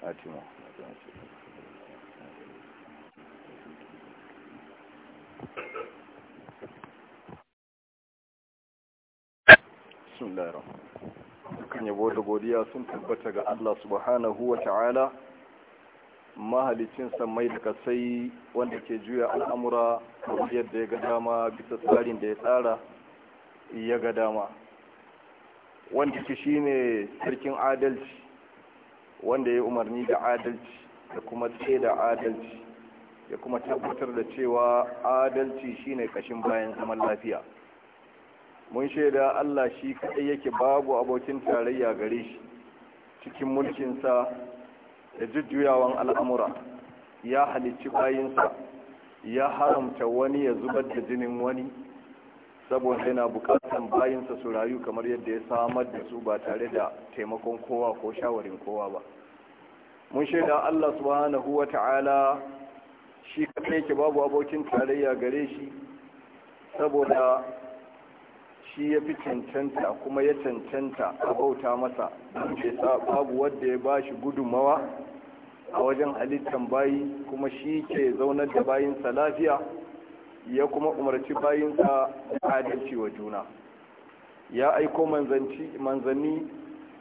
fatima bismillahir kan yabo da godiya sun tabbata ga Allah subhanahu wa ta'ala mahalicin samai da kasai wanda ke juya al'amura yadda ya ga dama bisa tsarin da ya tsara ya ga dama wanda ke shine sarkin adalci wanda ya umarni da adalci da kuma tse da adalci ya kuma tabbatar da cewa adalci shine kashin bayan zaman lafiya mun shaida Allah shi kaɗai yake babu abokin tarayya gare shi cikin mulkinsa da jujjuyawan al'amura ya halicci bayinsa ya haramta wani ya zubar da jinin wani saboda yana bukatar bayinsa su rayu kamar yadda ya samar da su ba tare da taimakon kowa ko shawarin kowa ba mun shaida Allah subhanahu wa ta'ala shi kaɗai yake babu abokin tarayya gare shi saboda shi ya fi cancanta kuma ya cancanta a bauta masa babu wanda ya ba shi gudunmawa a wajen halittan bayi kuma shi ke zaunar da bayinsa lafiya ya kuma umarci bayinsa adalci wa juna ya aiko manzanni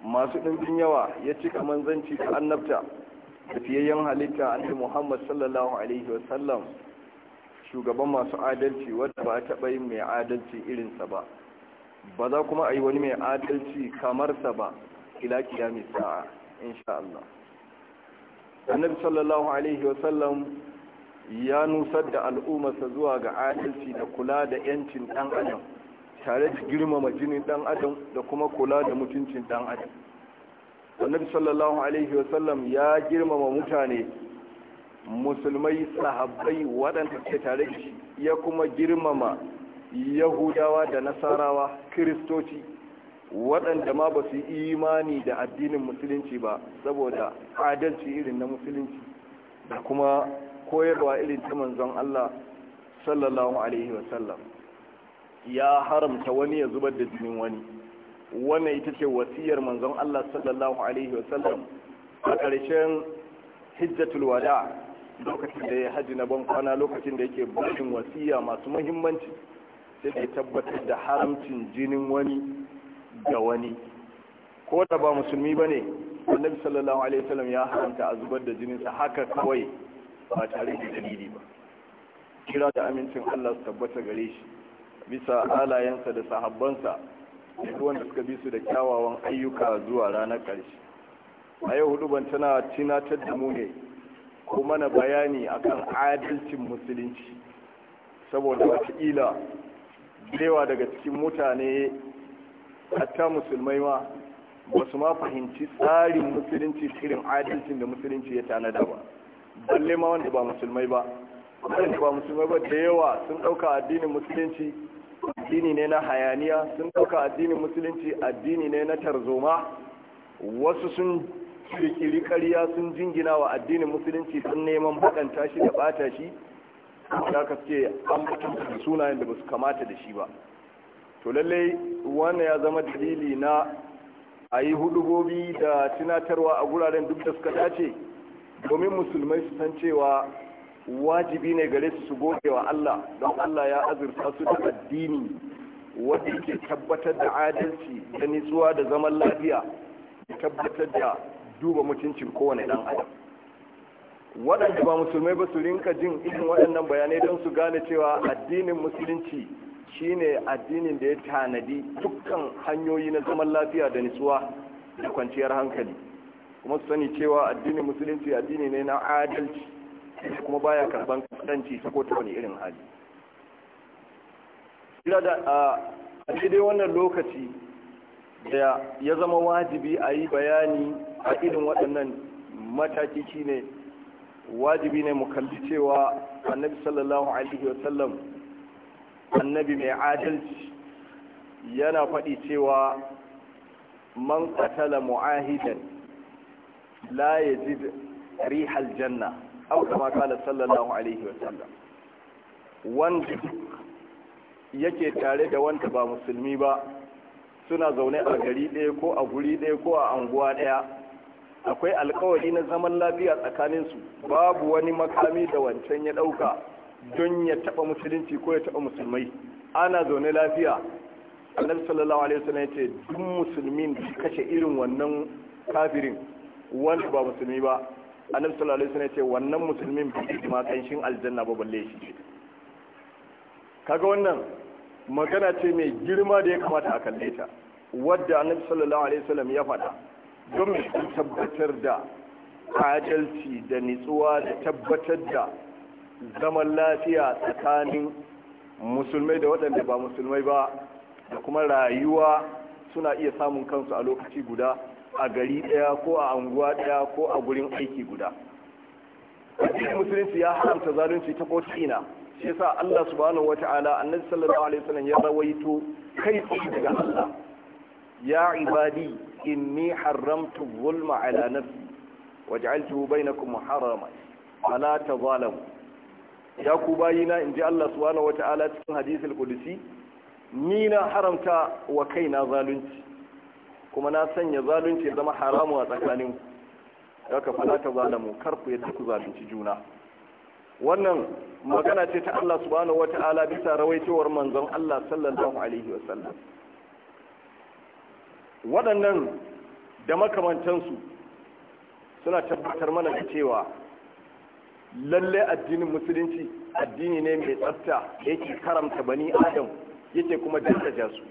masu ɗimbin yawa ya cika manzanci da annabta da fiyayyen halitta annabi muhammad sallallahu alaihi wasallam shugaban masu adalci wadda ba a taɓa yin mai adalci irinsa ba ba za kuma a yi wani mai adalci kamarsa ba ila kiyami sa'a insha Allah annabi sallallahu alaihi wasallam ya nusar da al'ummarsa zuwa ga adalci da kula da 'yancin ɗan adam tare da girmama jinin ɗan adam da kuma kula da mutuncin ɗan adam annabi sallallahu alaihi wasallam ya girmama mutane musulmai sahabbai waɗanda ke tare da shi ya kuma girmama yahudawa da nasarawa kiristoci waɗanda ma ba su yi imani da addinin musulunci ba saboda adalci irin na musulunci da kuma koyarwa irin ta manzon Allah sallallahu alaihi wa sallam ya haramta wani ya zubar da jinin wani wannan ita ce wasiyar manzon Allah sallallahu alaihi wa sallam a ƙarshen hijjatul wada lokacin da ya haji na ban kwana lokacin da yake bashin wasiya masu muhimmanci sai da tabbatar da haramcin jinin wani ga wani ko da ba musulmi bane annabi sallallahu alaihi wasallam ya haramta a zubar da jininsa haka kawai ba tare da dalili ba kira da amincin Allah su tabbata gare shi bisa alayensa da sahabbansa da wanda suka bi su da kyawawan ayyuka zuwa ranar ƙarshe a yau hudu ban tana tinatar da mu ne ko mana bayani akan adalcin musulunci saboda wataƙila dewa daga cikin mutane hatta musulmai ma ba su ma fahimci tsarin musulunci irin adalcin da musulunci ya tanada ba balle ma wanda ba musulmai ba wanda ba musulmai ba da yawa sun ɗauka addinin musulunci addini ne na hayaniya sun ɗauka addinin musulunci addini ne na tarzoma wasu sun kirkiri ƙarya sun jingina wa addinin musulunci sun neman baɗanta shi da ɓata shi da ka an mutunta da sunayen da ba su kamata da shi ba to lallai wannan ya zama dalili na a yi hudubobi da tunatarwa a guraren duk da suka dace domin musulmai su san cewa wajibi ne gare su su goge wa Allah don Allah ya azurta su da addini wanda yake tabbatar da adalci da nitsuwa da zaman lafiya tabbatar da duba mutuncin kowane dan adam waɗanda ba musulmai ba su rinka jin irin waɗannan bayanai don su gane cewa addinin musulunci shine addinin da ya tanadi dukkan hanyoyi na zaman lafiya da nitsuwa da kwanciyar hankali kuma su sani cewa addinin musulunci addini ne na adalci kuma baya karban kasanci ta ko ta wani irin hali kira da a daidai wannan lokaci da ya zama wajibi a yi bayani a irin waɗannan mataki ne wajibi ne mu kalli cewa annabi sallallahu alaihi wasallam annabi mai adalci yana faɗi cewa man qatala mu'ahidan la yajid rihal janna aw kama qala sallallahu alaihi wa sallam wanda yake tare da wanda ba musulmi ba suna zaune a gari ɗaya ko a guri ɗaya ko a anguwa ɗaya akwai alkawari na zaman lafiya tsakanin su babu wani makami da wancan ya ɗauka don ya taɓa musulunci ko ya taɓa musulmai ana zaune lafiya annabi sallallahu alaihi wasallam ya ce duk musulmin kashe irin wannan kafirin wani ba musulmi ba annabi sallallahu alaihi wasallam ce wannan musulmin ba ma kanshin aljanna ba balle shi kaga wannan magana ce mai girma da ya kamata a kalle ta wadda annabi sallallahu alaihi wasallam ya faɗa don mu tabbatar da adalci da nitsuwa da tabbatar da zaman lafiya tsakanin musulmai da waɗanda ba musulmai ba da kuma rayuwa suna iya samun kansu a lokaci guda a gari ɗaya ko a anguwa ɗaya ko a gurin aiki guda addinin musulunci ya haramta zalunci ta kotina shi yasa Allah subhanahu wata'ala annabi sallallahu alaihi wasallam ya rawaito kai tsaye daga Allah ya ibadi inni haramtu zulma ala nafsi waj'altuhu bainakum muharraman fala tazalamu ya ku bayina ji Allah subhanahu wata'ala cikin hadisul qudsi ni na haramta wa kaina zalunci kuma na sanya zalunci ya zama haramu a tsakanin daga fada ta zalamu kar ku yadda ku zalunci juna wannan magana ce ta Allah subhanahu wata'ala bisa rawaitowar manzon Allah sallallahu alaihi sallam waɗannan da makamantansu suna tabbatar mana da cewa lalle addinin musulunci addini ne mai tsafta yake karamta bani adam yake kuma daraja su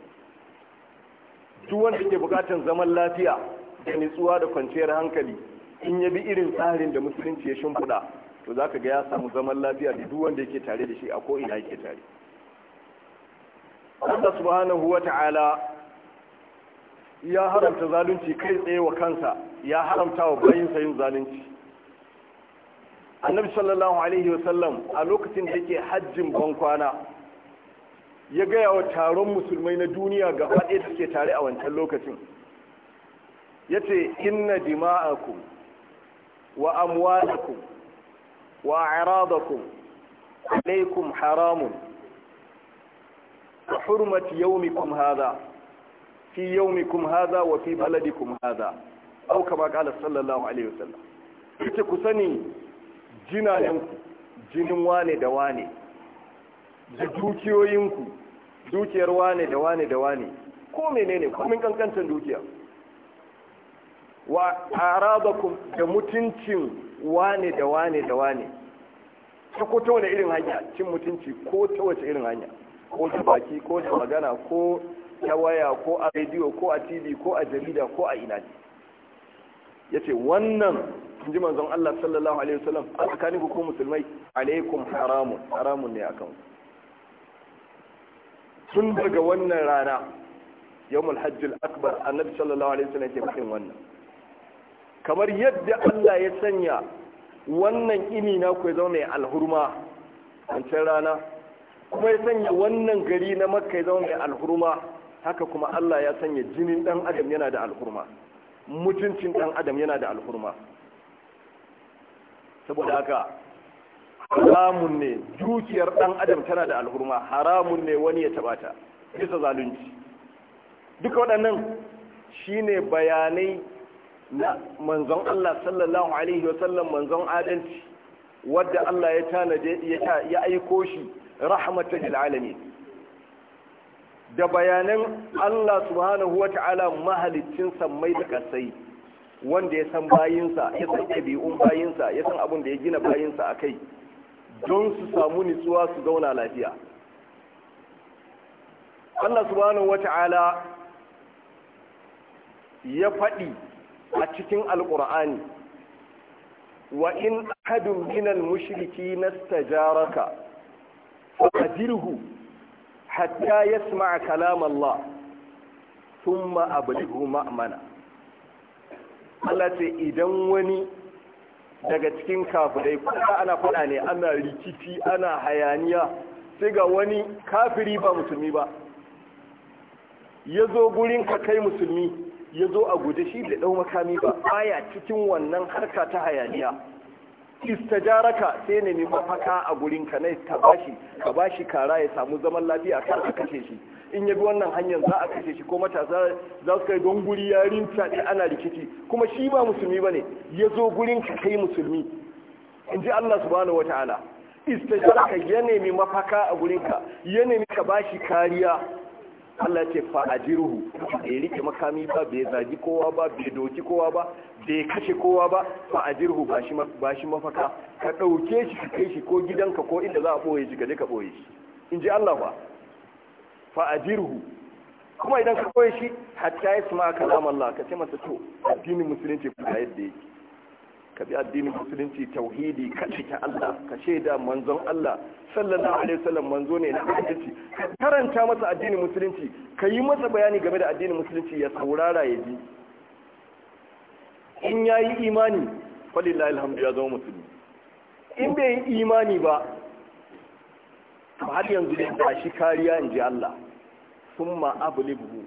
duk wanda ke bukatar zaman lafiya da nitsuwa da kwanciyar hankali in ya bi irin tsarin da musulunci ya shimfiɗa to za ka ga ya samu zaman lafiya da duk wanda yake tare da shi a ko'ina yake tare Allah subhanahu wa ta'ala ya haramta zalunci kai tsaye wa kansa ya haramta wa bayinsa yin zalunci annabi sallallahu alaihi wasallam a lokacin da yake hajjin bankwana ya gaya wa taron musulmai na duniya ga faɗe da suke tare a wancan lokacin ya ce inna dima'aku wa amwalaku wa aradakum alaikum haramun hurmati yaumikum hadha fi yaumikum hadha wa fi baladikum hadha au kama kala sallallahu alaihi wasallam yace ku sani jinayen jinin wane da wane da dukiyoyinku dukiyar wane da wane da wane ko menene komin kankantar dukiya wa arabakum da mutuncin wane da wane da wane ta ko ta wane irin hanya cin mutunci ko ta wace irin hanya ko ta baki ko ta magana ko ta waya ko a rediyo ko a tv ko a jarida ko a ina ya ce wannan in ji manzon Allah sallallahu alaihi wasallam a tsakanin ku musulmai alaikum haramun haramun ne akan ku tun daga wannan rana yawmul hajjil akbar annabi sallallahu alaihi wasallam ke bakin wannan kamar yadda Allah ya sanya wannan ini na ku zama mai alhurma wancan rana kuma ya sanya wannan gari na makka ya zama mai alhurma haka kuma Allah ya sanya jinin dan adam yana da alhurma mutuncin dan adam yana da alhurma saboda haka haramun ne dukiyar dan adam tana da alhurma haramun ne wani ya taba ta bisa zalunci duka waɗannan shine bayanai na manzon Allah sallallahu alaihi wa sallam manzon adalci wadda Allah ya tanade ya aiko shi rahmatan lil alamin da bayanan Allah subhanahu wata'ala mahalicin sammai da kasai wanda ya san bayinsa ya san ɗabi'un bayinsa ya san abin da ya gina bayinsa a kai don su samu nitsuwa su zauna lafiya Allah subhanahu wata'ala ya faɗi a cikin alƙur'ani wa in ahadun minal mushriki nastajaraka fa'ajirhu hatta yasma'a kalam Allah thumma ablighu ma'mana Allah ce idan wani daga cikin kafirai kuma ana faɗa ne ana rikici ana hayaniya sai ga wani kafiri ba musulmi ba ya zo gurin ka kai musulmi ya zo a guje shi da ɗau makami ba baya cikin wannan harka ta hayaniya jaraka sai nemi mafaka a gurin ka na ta bashi ka bashi kara ya samu zaman lafiya kar a kashe shi in ya bi wannan hanyar za a kashe shi ko matasa za su kai don guri ya rinta ana rikici kuma shi ba musulmi ba ne ya zo gurin ka kai musulmi in ji Allah subhanahu wataala istajara ka ya nemi mafaka a gurin ka ya nemi ka bashi kariya Allah ce fa ajiruhu bai rike makami ba bai zagi kowa ba bai doki kowa ba bai kashe kowa ba fa ajiruhu ba shi mafaka ka ɗauke shi ka kai shi ko gidanka ko inda za a ɓoye shi ka je ka ɓoye shi in ji Allah ba fa ajiruhu kuma idan ka ɓoye shi hatta ya suma kalam Allah ka ce masa to addinin musulunci ku ga yadda yake ka bi addinin musulunci tauhidi ka ta Allah ka shaida manzon Allah sallallahu alaihi wasallam manzo ne na addini ka karanta masa addinin musulunci ka yi masa bayani game da addinin musulunci ya saurara ya ji in yayi imani falillahi alhamdu ya zama musulmi in bai yi imani ba har yanzu dai ba shi kariya in ji Allah summa ablighu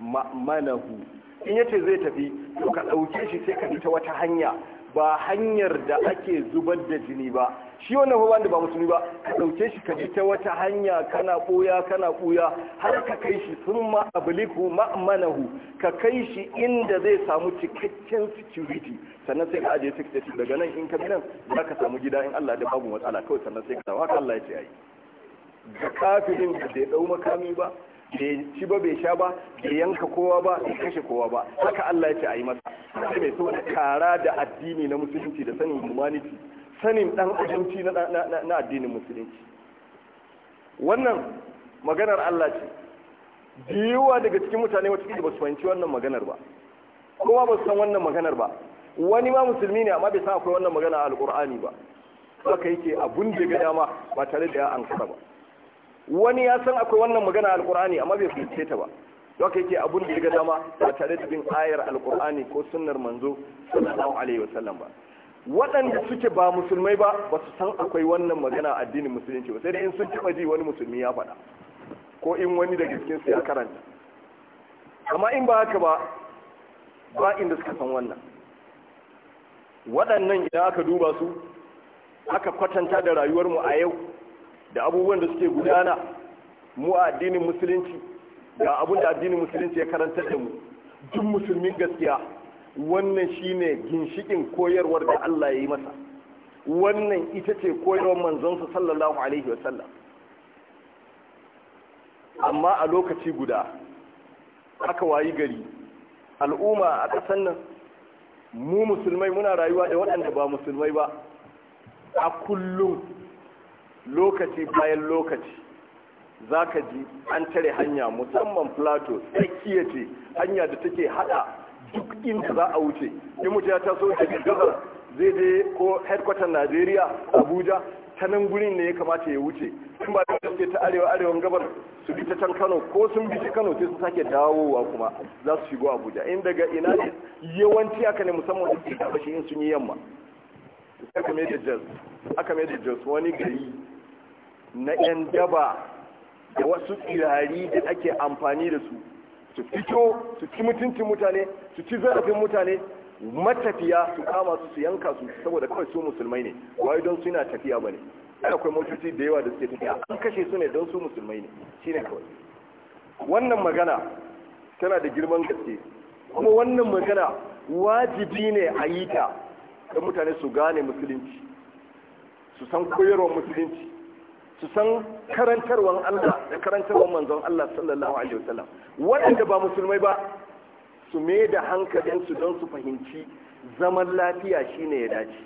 ma'manahu in yace zai tafi to ka dauke shi sai ka bi ta wata hanya ba hanyar da ake zubar da jini ba shi wannan ba wanda ba musulmi ba ka dauke shi ka ji ta wata hanya kana boya kana buya har ka kai shi sun ma ma'manahu ka kai shi inda zai samu cikakken security sannan sai ka aje security daga nan in ka bi nan za ka samu gida in Allah da babu matsala kawai sannan sai ka samu haka Allah ya ce ai da kafirin da bai dau makami ba bai ci ba bai sha ba bai yanka kowa ba bai kashe kowa ba haka Allah ya ce ai masa sai mai so kara da addini na musulunci da sanin humanity sanin dan adamci na addinin musulunci wannan maganar Allah ce da daga cikin mutane wata ba su fahimci wannan maganar ba Kuma ba su san wannan maganar ba wani ma musulmi ne amma bai san akwai wannan magana a alkur'ani ba haka yake abun da ga dama ba tare da ya ankara ba wani ya san akwai wannan magana a alkur'ani amma bai fahimce ta ba Doka yake abun da ga zama ba tare da bin ayar alkur'ani ko sunnar manzo sallallahu alaihi wasallam ba waɗanda suke ba musulmai ba ba su san akwai wannan magana addinin musulunci ba sai dai in sun taɓa ji wani musulmi ya faɗa ko in wani da gaskin su ya karanta amma in ba haka ba ba inda suka san wannan waɗannan idan aka duba su aka kwatanta da rayuwar rayuwarmu a yau da abubuwan da suke gudana mu a addinin musulunci ga abin da addinin musulunci ya karanta da mu duk musulmin gaskiya wannan shine ginshikin koyarwar da Allah ya yi masa wannan ita ce koyarwar manzonsa sallallahu alaihi wasallam amma a lokaci guda aka wayi gari al'umma a kasan nan mu musulmai muna rayuwa da waɗanda ba musulmai ba a kullum lokaci bayan lokaci za ka ji an tare hanya musamman plato tsakiya ce hanya da take hada duk inda za a wuce in mutu ya taso daga gazar zai je ko headquarter najeriya abuja ta nan gurin ne ya kamata ya wuce in ba da suke ta arewa arewan gabar su bi ta can kano ko sun bi ta kano sai su sake dawowa kuma za su shigo abuja in daga ina ne yawanci aka ne musamman da suke tabashi in sun yi yamma aka mai da jos wani gari na yan daba da wasu ilhari da ake amfani da su su fito su ci mutuncin mutane su ci zarafin mutane matafiya su kama su su yanka su saboda kawai su musulmai ne wai don suna tafiya bane akwai motoci da yawa da suke tafiya an kashe su ne don su musulmai ne shine kawai wannan magana tana da girman gaske kuma wannan magana wajibi ne a yi ta don mutane su gane musulunci su san koyarwar musulunci su san karantarwan Allah da karantarwan manzon Allah sallallahu alaihi wasallam waɗanda ba musulmai ba su me da hankalinsu don su fahimci zaman lafiya shine ya dace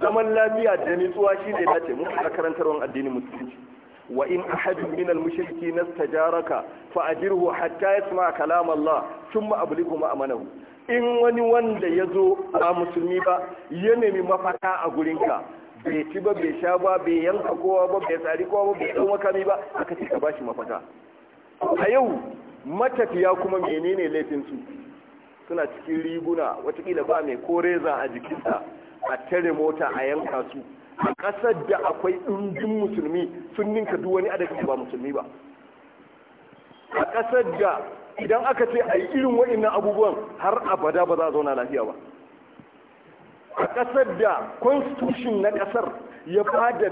zaman lafiya da nutsuwa shine ya dace mun da karantarwan addinin musulunci wa in ahadu min al-mushriki nastajaraka fa ajirhu hatta yasma kalam Allah thumma ablighu ma amanahu in wani wanda ya zo a musulmi ba ya nemi mafaka a gurinka bai ci ba bai sha ba bai yanka kowa ba bai tsari kowa ba bai ɗan makami ba aka ce ka ba shi mafaka a yau matafiya kuma menene laifinsu suna cikin riguna watakila ba mai koreza a jikinsa a tare mota a yanka su a ƙasar da akwai ɗungin musulmi sun ninka duk wani adadin ba musulmi ba a ƙasar da idan aka ce a yi irin waɗannan abubuwan har abada ba za a zauna lafiya ba a ƙasar da constitution na ƙasar ya bada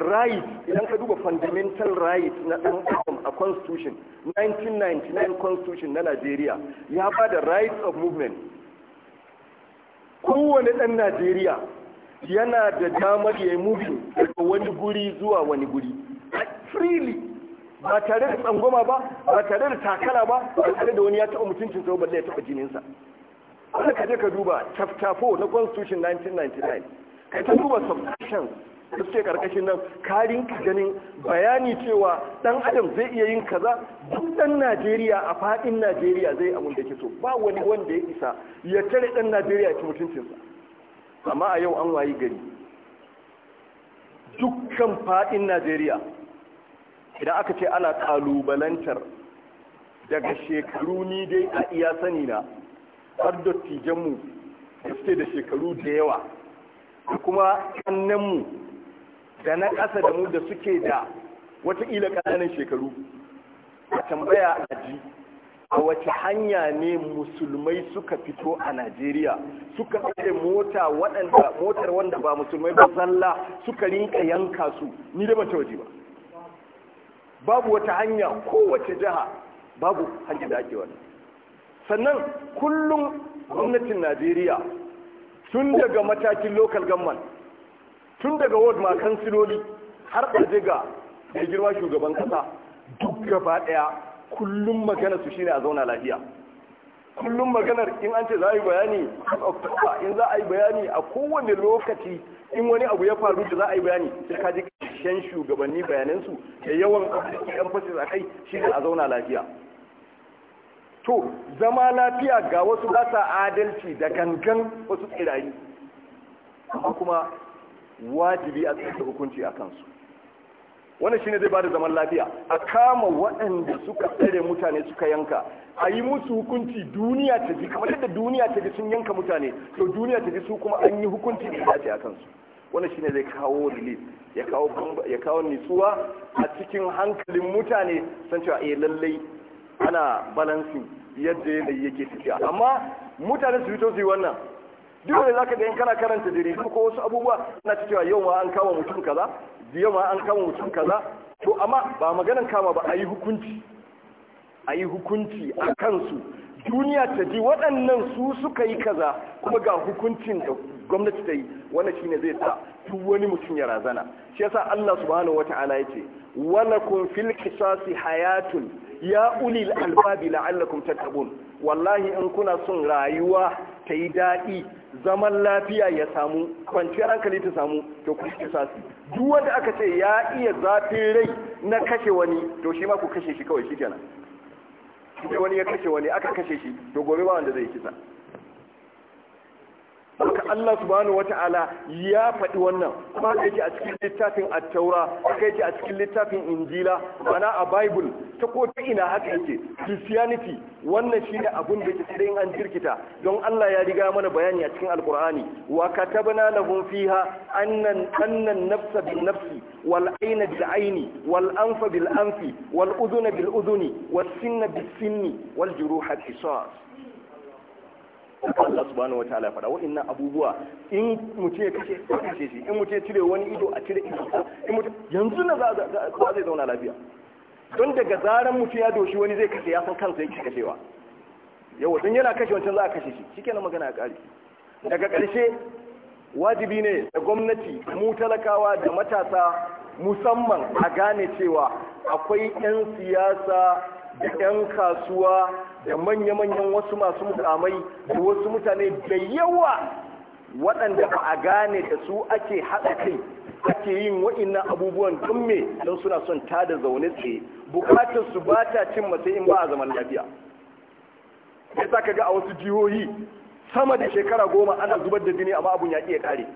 right idan ka duba fundamental right na ɗan adam a constitution 1999 constitution na Najeriya ya bada rights of movement kowane ɗan Najeriya yana da damar ya yi moving daga wani guri zuwa wani guri freely ba tare da tsangoma ba ba tare da takala ba ba tare da wani ya taɓa mutuncinsa ba balle ya taɓa jininsa wanda ka je ka duba chapter 4 na constitution 1999 kai ta duba subsections da suke karkashin nan karin ganin bayani cewa dan adam zai iya yin kaza duk dan Najeriya a fadin Najeriya zai abun da ke so ba wani wanda ya isa ya tare dan Najeriya ya mutuncinsa amma a yau an wayi gari dukkan fadin Najeriya idan aka ce ana kalubalantar daga shekaru ni dai a iya sani na har dattijanmu da suke da shekaru da yawa da kuma kannanmu da na ƙasa da mu da suke da wataƙila ƙananan shekaru a tambaya a ji a wace hanya ne musulmai suka fito a najeriya suka tsaye mota waɗanda motar wanda ba musulmai ba zalla suka rinka yanka su ni da ban waje ba babu wata hanya kowace jiha babu hanyar da ake wani sannan kullum gwamnatin najeriya tun daga matakin local government tun daga ward ma siloli, har aje ga mai girma shugaban kasa duk gaba daya kullum magana su shine a zauna lafiya kullum maganar in an ce za a yi bayani a in za a yi bayani a kowane lokaci in wani abu ya faru da za a yi bayani sai ka ji shan shugabanni bayanansu da yawan yan fasis a kai shi a zauna lafiya to zama lafiya ga wasu ba adalci da gangan wasu tsirayi, amma kuma wajibi a tsaye hukunci a kansu wannan ne zai ba da zaman lafiya a kama waɗanda suka tsere mutane suka yanka a yi musu hukunci duniya ta ji kamar yadda duniya ta ji sun yanka mutane to duniya ta ji su kuma an yi hukunci da ce a kansu wannan ne zai kawo relief ya kawo ya nitsuwa a cikin hankalin mutane san cewa eh lallai ana balansin yadda yanayi yake tafiya amma mutane su fito su yi wannan duk wanda zaka ga in kana karanta jaridu ko wasu abubuwa ana cewa yau ma an kama mutum kaza yau ma an kama mutum kaza to amma ba maganan kama ba a yi hukunci a yi hukunci a kansu duniya ta ji waɗannan su suka yi kaza kuma ga hukuncin da gwamnati ta yi wannan shine zai sa duk wani mutum ya razana shi yasa Allah subhanahu wataala yace walakum fil qisasi hayatun ya ulil albabi la'allakum tattaqun wallahi in kuna son rayuwa ta yi daɗi zaman lafiya ya samu kwanciyar hankali ta samu to ku shi sasi duk wanda aka ce ya iya zafin rai na kashe wani to shi ma ku kashe shi kawai shi kenan wani ya kashe wani aka kashe shi to gobe ba wanda zai kisa Allah subhanahu wata'ala ya faɗi wannan kuma ka yake a cikin littafin attaura haka yake a cikin littafin injila mana a bible ta ko ta ina haka yake christianity wannan shine abun da yake sai an jirkita don Allah ya riga mana bayani a cikin alqur'ani wa katabna lahum fiha annan annan nafsa bin nafsi wal ayna bil ayni wal anfa bil anfi wal udhuna bil udhuni was sinna bis sinni wal juruha qisas Allah subhanahu wataala faɗa wa'annan abubuwa in mutum ya kashe a kashe shi in mutum ya cire wani ido a cire ido in mutum yanzu na za zai zauna lafiya don daga zaran mutum ya doshi wani zai kashe ya san kansa yake kashewa yawa don yana kashe wancan za a kashe shi shikenan magana a ƙari daga ƙarshe wajibi ne da gwamnati mu talakawa da matasa musamman a gane cewa akwai 'yan siyasa da 'yan kasuwa da manya-manyan wasu masu mukamai da wasu mutane da yawa waɗanda ba a gane da su ake haɗa kai ake yin wa'innan abubuwan don me don suna son ta da zaune tsaye bukatar su ba ta cin mace in ba a zaman lafiya ya sa ka ga a wasu jihohi sama da shekara goma ana zubar da jini amma abun ya iya kare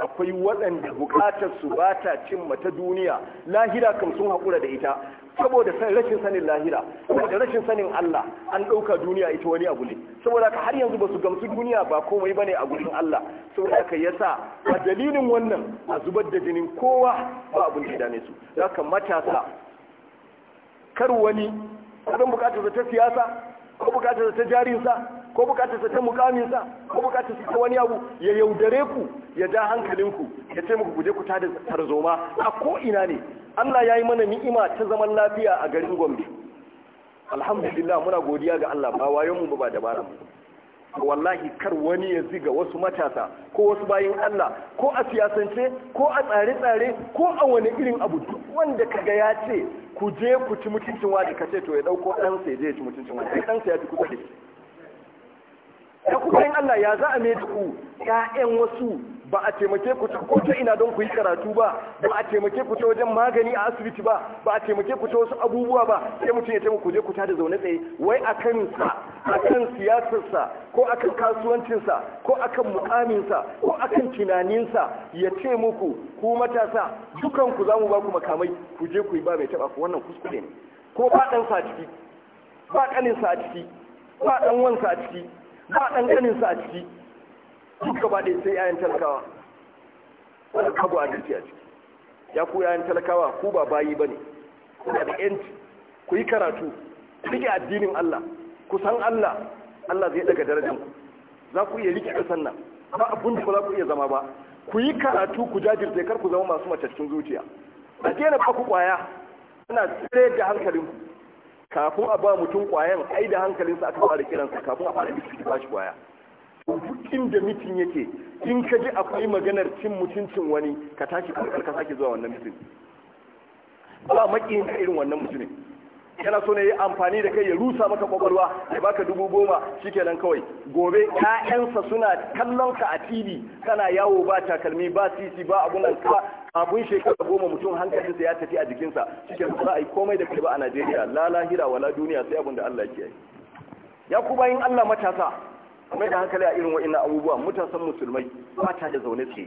akwai waɗanda buƙatar su ba ta cin mata duniya lahira kam sun haƙura da ita saboda rashin sanin lahira saboda rashin sanin Allah an ɗauka duniya ita wani abu ne saboda ka har yanzu ba su gamsu duniya ba komai bane a gurin Allah saboda ka yasa a dalilin wannan a zubar da jinin kowa ba abun da dane su zaka matasa kar wani kadan bukatar ta siyasa ko bukatar ta jarinsa ko bukatarsa ta mukaminsa ko bukatarsa ta wani abu ya yaudare ku ya ja hankalinku ya ce muku guje ku tada tarzoma a ko ina ne Allah ya yi mana ni'ima ta zaman lafiya a garin Gombe alhamdulillah muna godiya ga Allah ba wayon mu ba dabara wallahi kar wani ya ziga wasu matasa ko wasu bayin Allah ko a siyasance ko a tsare-tsare ko a wani irin abu duk wanda kaga ya ce ku je ku ci mutuncin wani kace to ya dauko dan sai je ya ci mutuncin wani dan sai ya ci kusa da shi da kuma yin Allah ya za a mai ku ƴaƴan wasu ba a taimake ku ko ta ina don ku yi karatu ba ba a taimake ku ta wajen magani a asibiti ba ba a taimake ku ta wasu abubuwa ba sai mutum ya taimaka ku je ku tada zaune tsaye wai a kan sa kan siyasarsa ko a kan kasuwancinsa ko a kan mukaminsa ko a kan tunaninsa ya ce muku ku matasa dukanku za mu ba ku makamai ku je ku yi ba mai taba ku wannan kuskure ne ko a ciki ba ƙaninsa a ciki ba ɗan wansa a ciki ba ɗan ganin sa a ciki duk gaba ɗaya sai yayan talakawa wanda kago a ciki ya ku yayan talakawa ku ba bayi ba ne kuna da ku yi karatu rike addinin Allah ku san Allah Allah zai daga darajar ku za ku iya rike kasan nan ba abun da ba za ku iya zama ba ku yi karatu ku jajirce kar ku zama masu macacin zuciya a daina ba ku kwaya ana tsere da hankalinku kafin a ba mutum kwayan ai da hankalinsa aka fara kiransa kafin a fara miki ba shi kwaya duk inda mitin yake in ka ji akwai maganar cin mutuncin wani ka tashi karkar ka sake zuwa wannan mutum ba makiyin ka irin wannan mutumin yana so ne ya amfani da kai ya rusa maka kwakwalwa ya baka dubu goma shikenan kawai gobe ƴaƴansa suna kallon ka a tv kana yawo ba takalmi ba sisi ba abun ka abun shekara goma mutum hankalinsa ya tafi a jikinsa cikin za a yi komai da kai ba a najeriya lalahira wala duniya sai abin da allah ke yi ya ku bayan allah matasa mai da hankali a irin wa'in abubuwa matasan musulmai mata da zaune ce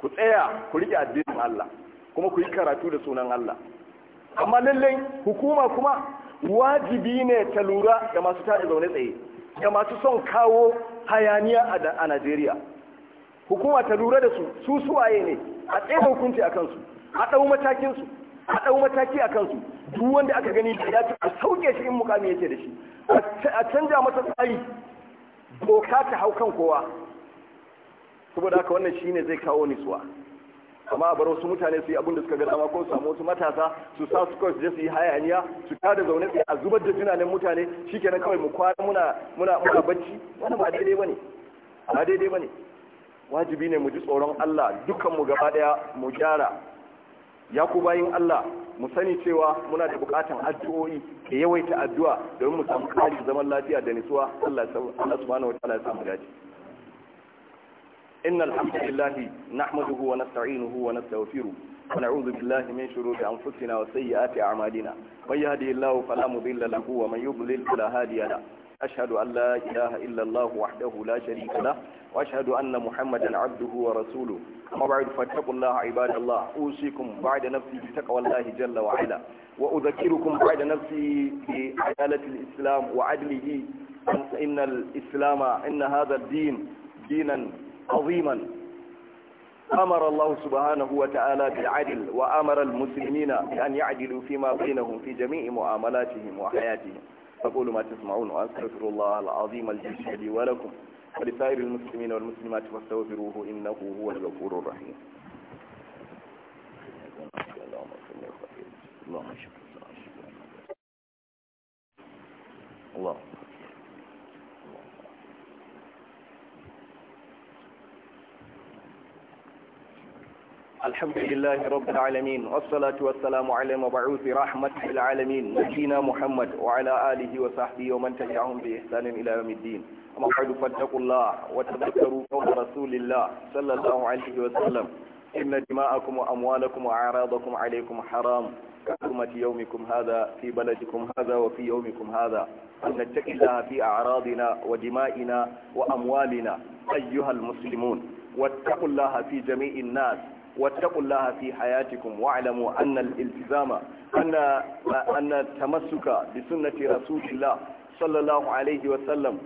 ku tsaya ku riƙe addinin allah kuma ku yi karatu da sunan allah amma lallai hukuma kuma wajibi ne ta lura ga masu tada zaune tsaye ga masu son kawo hayaniya a najeriya hukuma ta lura da su su suwaye ne a tsaye hukunci a kansu a ɗau matakin a ɗau mataki a kansu duk wanda aka gani da ya a sauke shi in mukami yake da shi a canja masa tsari doka ta hau kan kowa saboda haka wannan shine zai kawo nitsuwa amma bar wasu mutane su yi abin da suka ga dama ko su samu wasu matasa su sa su kawai su je su yi hayaniya su tada zaune a zubar da tunanin mutane shikenan kawai mu kwana muna muna muna bacci wannan ba daidai ba daidai wajibi ne mu ji tsoron Allah dukanmu gaba daya mu gyara ya ku bayin Allah mu sani cewa muna da bukatan addu'o'i da yawaita addu'a domin mu samu kari zaman lafiya da nutsuwa Allah subhanahu wataala ya samu dace innal hamdalillahi nahmaduhu wa nasta'inuhu wa nastaghfiruh ونعوذ بالله من شرور أنفسنا وسيئات أعمالنا من يهده الله فلا مضل له ومن يضلل فلا هادي له أشهد أن لا إله إلا الله وحده لا شريك له وأشهد أن محمدا عبده ورسوله أما بعد فاتقوا الله عباد الله أوصيكم بعد نفسي بتقوى الله جل وعلا وأذكركم بعد نفسي بعدالة الإسلام وعدله إن الإسلام إن هذا الدين دينا عظيما أمر الله سبحانه وتعالى بالعدل وأمر المسلمين بأن يعدلوا فيما بينهم في جميع معاملاتهم وحياتهم فقولوا ما تسمعون وأستغفر الله العظيم الجليل لي ولكم ولسائر المسلمين والمسلمات فاستغفروه إنه هو الغفور الرحيم اللهم شكرا اللهم الحمد لله رب العالمين والصلاة والسلام على مبعوث رحمة العالمين نبينا محمد وعلى آله وصحبه ومن تبعهم بإحسان إلى يوم الدين أما بعد فاتقوا الله وتذكروا قول رسول الله صلى الله عليه وسلم إن دماءكم وأموالكم وأعراضكم عليكم حرام كحرمة يومكم هذا في بلدكم هذا وفي يومكم هذا نتقي الله في أعراضنا ودمائنا وأموالنا أيها المسلمون واتقوا الله في جميع الناس واتقوا الله في حياتكم واعلموا أن الالتزام أن, أن التمسك بسنة رسول الله صلى الله عليه وسلم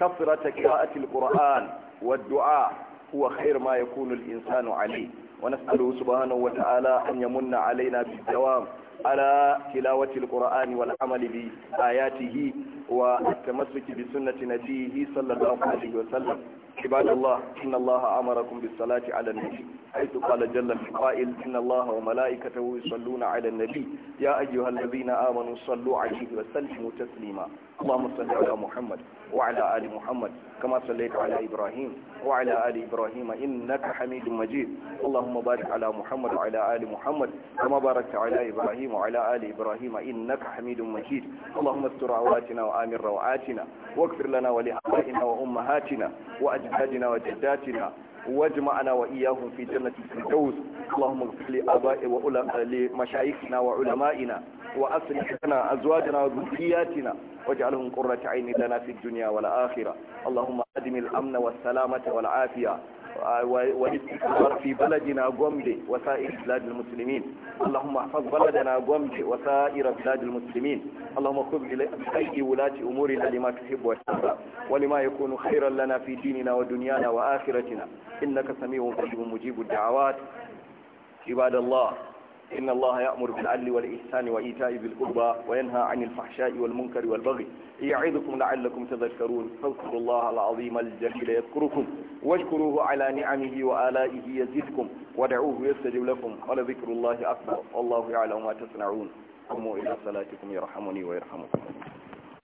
كفرة قراءة القرآن والدعاء هو خير ما يكون الإنسان عليه ونسأله سبحانه وتعالى أن يمن علينا بالدوام على تلاوة القرآن والعمل بآياته والتمسك بسنة نبيه صلى الله عليه وسلم عباد الله إن الله أمركم بالصلاة على النبي حيث قال جل في قائل إن الله وملائكته يصلون على النبي يا أيها الذين آمنوا صلوا عليه وسلموا تسليما اللهم صل على محمد وعلى آل محمد كما صليت على إبراهيم وعلى آل إبراهيم إنك حميد مجيد اللهم بارك على محمد وعلى آل محمد كما باركت على إبراهيم وعلى آل إبراهيم إنك حميد مجيد اللهم استر عوراتنا وآمن روعاتنا واغفر لنا ولآبائنا وأمهاتنا وأجل أجدادنا وجداتنا واجمعنا وإياهم في جنة الفردوس اللهم اغفر لآبائنا لمشايخنا وعلمائنا وأصلح لنا أزواجنا وذرياتنا واجعلهم قرة عين لنا في الدنيا والآخرة اللهم أدم الأمن والسلامة والعافية والاستثمار في بلدنا غومبي وسائر بلاد المسلمين اللهم احفظ بلدنا غومبي وسائر بلاد المسلمين اللهم خذ بأيدي ولاة أمورنا لما تحب وترضى ولما يكون خيرا لنا في ديننا ودنيانا وآخرتنا إنك سميع قريب مجيب الدعوات عباد الله إن الله يأمر بالعدل والإحسان وإيتاء ذي القربى وينهى عن الفحشاء والمنكر والبغي يعظكم لعلكم تذكرون فاذكروا الله العظيم الجليل يذكركم واشكروه على نعمه وآلائه يزدكم ودعوه يستجب لكم ولذكر الله أكبر والله يعلم ما تصنعون قوموا إلى صلاتكم يرحمني ويرحمكم